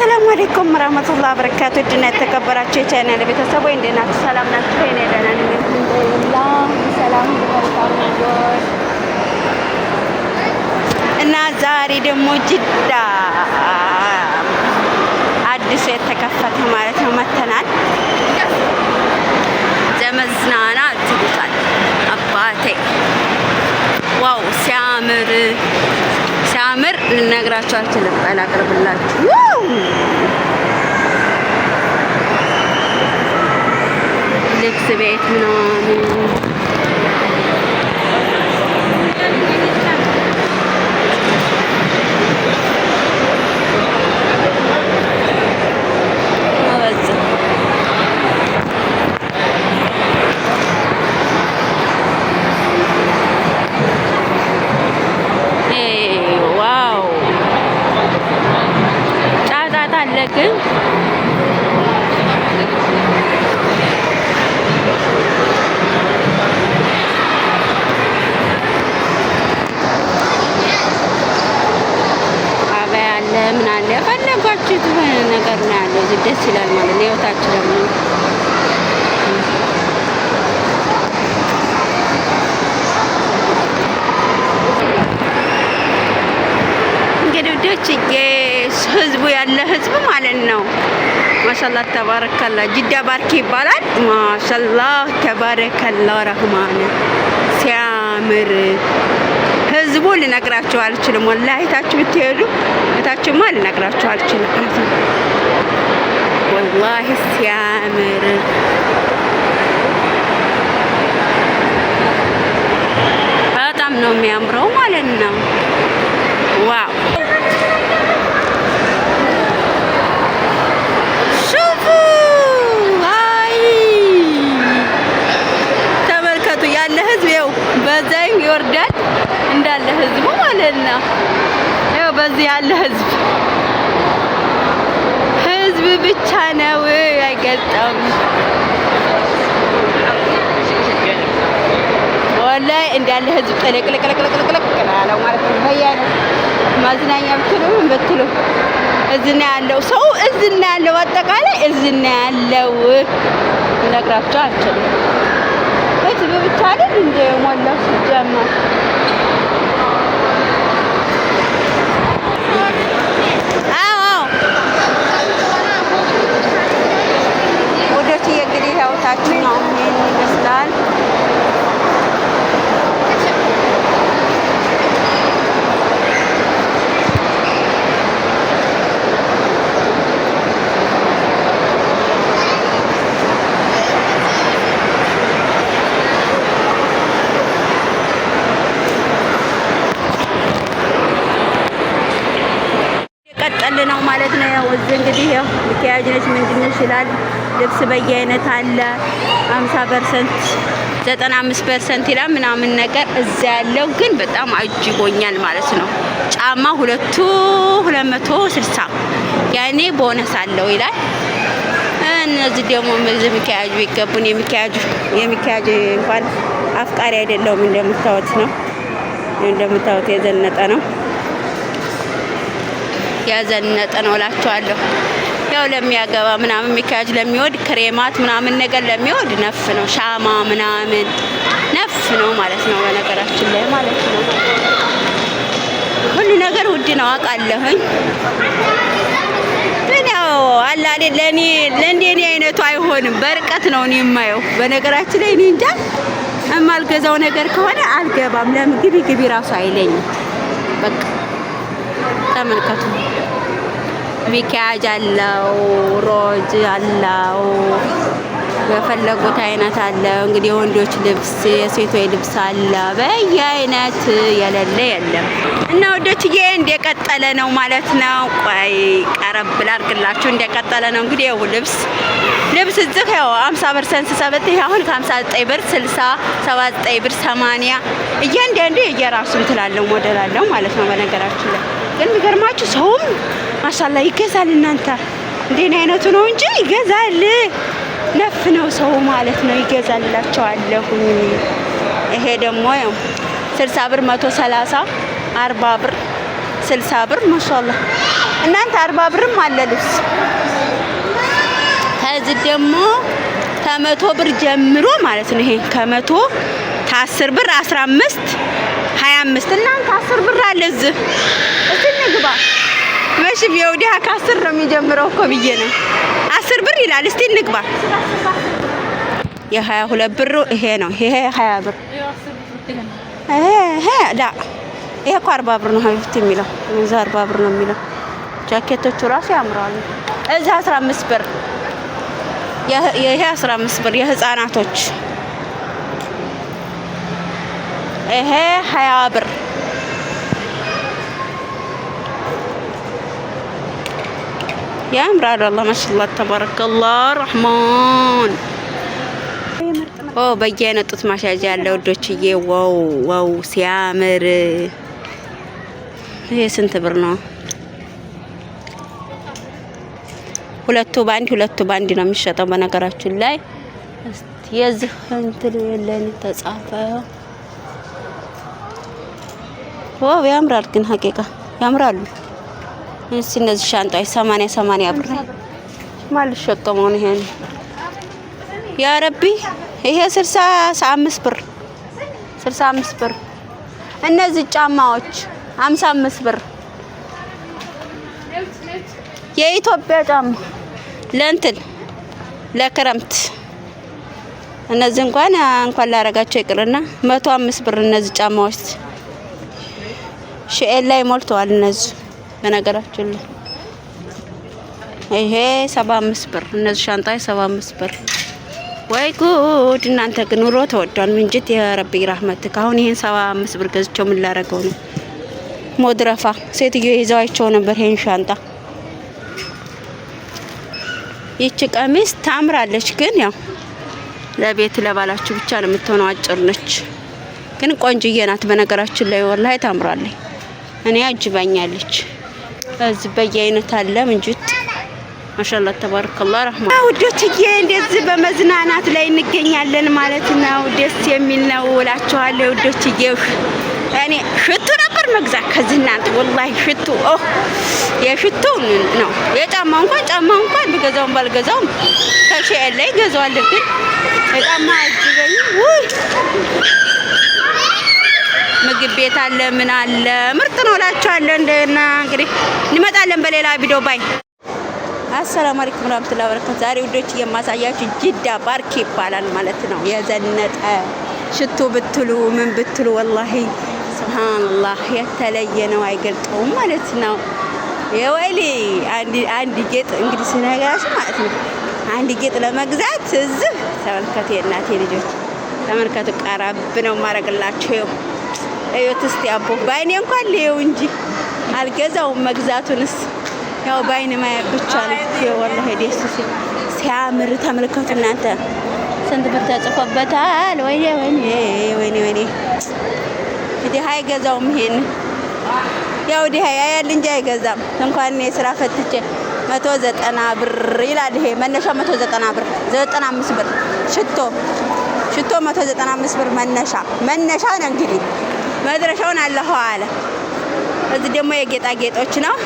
አሰላሙ አለይኩም ረህመቱላህ በረካቱ ድና የተከበራችሁ የቻይና ቤተሰብ እንዴት ናችሁ? ሰላም ናችሁ? እኔ ደህና ነኝ። ሰላም እና ዛሬ ደግሞ ጅዳ አዲሱ የተከፈተ ማለት ነው መተናል። ዘመዝናና ትሉታል አባቴ። ዋው ሲያምር ሲያምር ልነግራችሁ አልችልም፣ አላቅርብላችሁ Flex event namin. እንደዚህ ደስ ይላል ማለት ነው። ህይወታችሁ ደግሞ እንግዲህ ውዶች ህዝቡ ያለ ህዝብ ማለት ነው። ማሻላ ተባረከላ ጅዳ ባርኪ ይባላል። ማሻላ ተባረከላ ረህማን ሲያምር ህዝቡ ልነግራችሁ አልችልም። ወላሂ እታችሁ ብትሄዱ እታችሁማ ልነግራችሁ አልችልም። ወላሂ ሲያምር በጣም ነው የሚያምረው ማለት ነው። ዋው ሹፉ አይ ተመልከቱ፣ ያለ ህዝብ ይኸው በዛይም ይወርዳል እንዳለ ህዝቡ ማለት ነው። ይኸው በዚህ ያለ ህዝብ ብቻ ነው አይገልጠም። ወላሂ እንዳለ ህዝብ ጥልቅልቅልቅልቅልቅ ያለው ማለት ነው። ማዝናኛ ብትሉ ምን ብትሉ እዝና ያለው ሰው እዝና ያለው አጠቃላይ እዝና ያለው እነግራቸው አልችልም። ህዝብ ብቻ አይደል እንደ ሞላው ሲጀመር እንግዲህ ያው ልኪያጅ ነች ምንድን ነች ይላል። ልብስ በየአይነት አለ 50 ፐርሰንት 95 ፐርሰንት ይላል ምናምን ነገር እዛ ያለው ግን በጣም አጅጎኛል ማለት ነው። ጫማ ሁለቱ 260 ያኔ ቦነስ አለው ይላል። እነዚህ ደግሞ ምዝ ሚካያጁ ይገቡን። የሚካያጁ የሚካያጁ እንኳን አፍቃሪ አይደለውም እንደምታወት ነው እንደምታወት የዘነጠ ነው። ያዘነጠ ነው እላቸዋለሁ። ያው ለሚያገባ ምናምን ሚካያጅ ለሚወድ ክሬማት ምናምን ነገር ለሚወድ ነፍ ነው ሻማ ምናምን ነፍ ነው ማለት ነው። በነገራችን ላይ ማለት ነው ሁሉ ነገር ውድ ነው አውቃለሁኝ። ግን ያው አላ ለእኔ ለእንደኔ አይነቱ አይሆንም። በርቀት ነው እኔ የማየው። በነገራችን ላይ እኔ እንጃ የማልገዛው ነገር ከሆነ አልገባም። ለምን ግቢ ግቢ ራሱ አይለኝም። በቃ ተመልከቱ። ቢኪያጅ አለው፣ ሮጅ አለው፣ በፈለጉት አይነት አለ እንግዲህ የወንዶች ልብስ የሴቶች ልብስ አለ፣ በየአይነት የሌለ የለም። እና ወዶችዬ እንደቀጠለ ነው ማለት ነው። ቆይ ቀረብ ላድርግላችሁ። እንደቀጠለ ነው እንግዲህ ይኸው ልብስ ልብስ እዚህ ያው 50 ብር ሰንስሰበት ይሄ አሁን 59 ብር 60 79 ብር 80 እያንዳንዱ የየራሱ እንትላለው ሞዴል አለው ማለት ነው በነገራችን ላይ ግን የሚገርማችሁ ሰውም ማሻላ ይገዛል። እናንተ እንዴን አይነቱ ነው እንጂ ይገዛል። ነፍ ነው ሰው ማለት ነው ይገዛላቸዋለሁ። ይሄ ደግሞ ያው ስልሳ ብር መቶ ሰላሳ አርባ ብር ስልሳ ብር ማሻላ እናንተ አርባ ብርም አለ ልብስ ከዚህ ደግሞ ከመቶ ብር ጀምሮ ማለት ነው። ይሄ ከመቶ ታስር ብር አስራ አምስት ሀያ አምስት እናንተ አስር ብር አለ እዚህ ግባ። መሽም የወዲያ ከአስር ነው የሚጀምረው እኮ ብዬ ነው። አስር ብር ይላል። እስቲ እንግባ። የሀያ ሁለት ብሩ ይሄ ነው። ይሄ ሀያ ብር ይሄ እኮ አርባ ብር ነው ሀቢብት የሚለው እዛ አርባ ብር ነው የሚለው። ጃኬቶቹ ራሱ ያምረዋል። እዚ አስራ አምስት ብር ይሄ አስራ አምስት ብር የህፃናቶች ይሄ ሀያ ብር ያምራሉ። አላ ማሻላ ተባረከላ ረህማን ኦ በየአይነት ጡት ያለ ውዶችዬ፣ ዋው ዋው ሲያምር! ይሄ ስንት ብር ነው? ሁለቱ ባንድ ሁለቱ ባንድ ነው የሚሸጠው። በነገራችን ላይ የዚህ እንትን የለን ተጻፈ። ዋው ያምራል ግን ሀቂቃ ያምራሉ። እስኪ እነዚህ ሻንጣዎች ሰማንያ ሰማንያ ብር ማልሸከመውን ይሄን ያ ረቢ ይሄ ስልሳ አምስት ብር ስልሳ አምስት ብር እነዚህ ጫማዎች ሀምሳ አምስት ብር የኢትዮጵያ ጫማ ለእንትን ለክረምት እነዚህ እንኳን እንኳን ላረጋቸው ይቅርና መቶ አምስት ብር እነዚህ ጫማዎች ሼል ላይ ሞልተዋል እነዚህ በነገራችን ላይ ይሄ ሰባ አምስት ብር እነዚህ ሻንጣ ሰባ አምስት ብር። ወይ ጉድ! እናንተ ግን ኑሮ ተወዷል። ምንጅት የረቢ ራህመት ካሁን ይሄን ሰባ አምስት ብር ገዝቸው ምን ላረገው ነው? ሞድረፋ ሴትዮ ይዘዋቸው ነበር ይሄን ሻንጣ። ይቺ ቀሚስ ታምራለች፣ ግን ያው ለቤት ለባላችሁ ብቻ ነው የምትሆነው። አጭር ነች፣ ግን ቆንጅዬ ናት። በነገራችን ላይ ወላሂ ታምራለች። እኔ አጅበኛለች እዚህ በየአይነት አለ ምንጁት ማሻላ ተባረከላ ረህማ ውዶችዬ፣ እንደዚህ በመዝናናት ላይ እንገኛለን ማለት ነው። ደስ የሚል ነው እላችኋለሁ ውዶችዬ። እኔ ሽቱ ነበር መግዛት ከዚህ እናንተ ወላሂ ሽቱ የሽቱ ነው የጫማ እንኳን ጫማ እንኳን ብገዛውም ባልገዛውም ከሸየ ላይ ገዛዋለሁ ግን የጫማ አጅበኝ ቤት አለ፣ ምን አለ፣ ምርጥ ነው እላችኋለሁ። እንደና እንግዲህ እንመጣለን በሌላ ቪዲዮ ባይ። አሰላሙ አለይኩም ወራህመቱላሂ ወበረካቱ። ዛሬ ውዶች የማሳያችሁ ጅዳ ባርክ ይባላል ማለት ነው። የዘነጠ ሽቱ ብትሉ ምን ብትሉ ወላሂ ሱብሃንአላህ የተለየ ነው፣ አይገልጠውም ማለት ነው። የወይሊ አንድ ጌጥ እንግዲህ ስነግራችሁ ማለት ነው። አንድ ጌጥ ለመግዛት እዚህ ተመልከቱ፣ የእናቴ ልጆች ተመልከቱ። ቀረብ ነው የማደርግላችሁ። እዩት እስቲ አቦ በአይኔ እንኳን ልየው እንጂ አልገዛውም። መግዛቱንስ ያው በአይን ማየት ብቻ ነው። ወላሂ ደስ ሲል ሲያምር ተመልከቱ እናንተ። ስንት ብር ተጽፎበታል? ወይኔ ወይኔ ወይኔ ወይኔ ድሀ አይገዛውም። ይሄን ያው ድሀ ያያል እንጂ አይገዛም። እንኳን እኔ ስራ ፈትቼ መቶ ዘጠና ብር ይላል። ይሄ መነሻው መቶ ብር ዘጠና ብር ሽቶ ሽቶ መቶ ዘጠና አምስት ብር መነሻ መነሻ ነው እንግዲህ መድረሻውን አለኸው አለ። እዚህ ደግሞ የጌጣጌጦች ነው።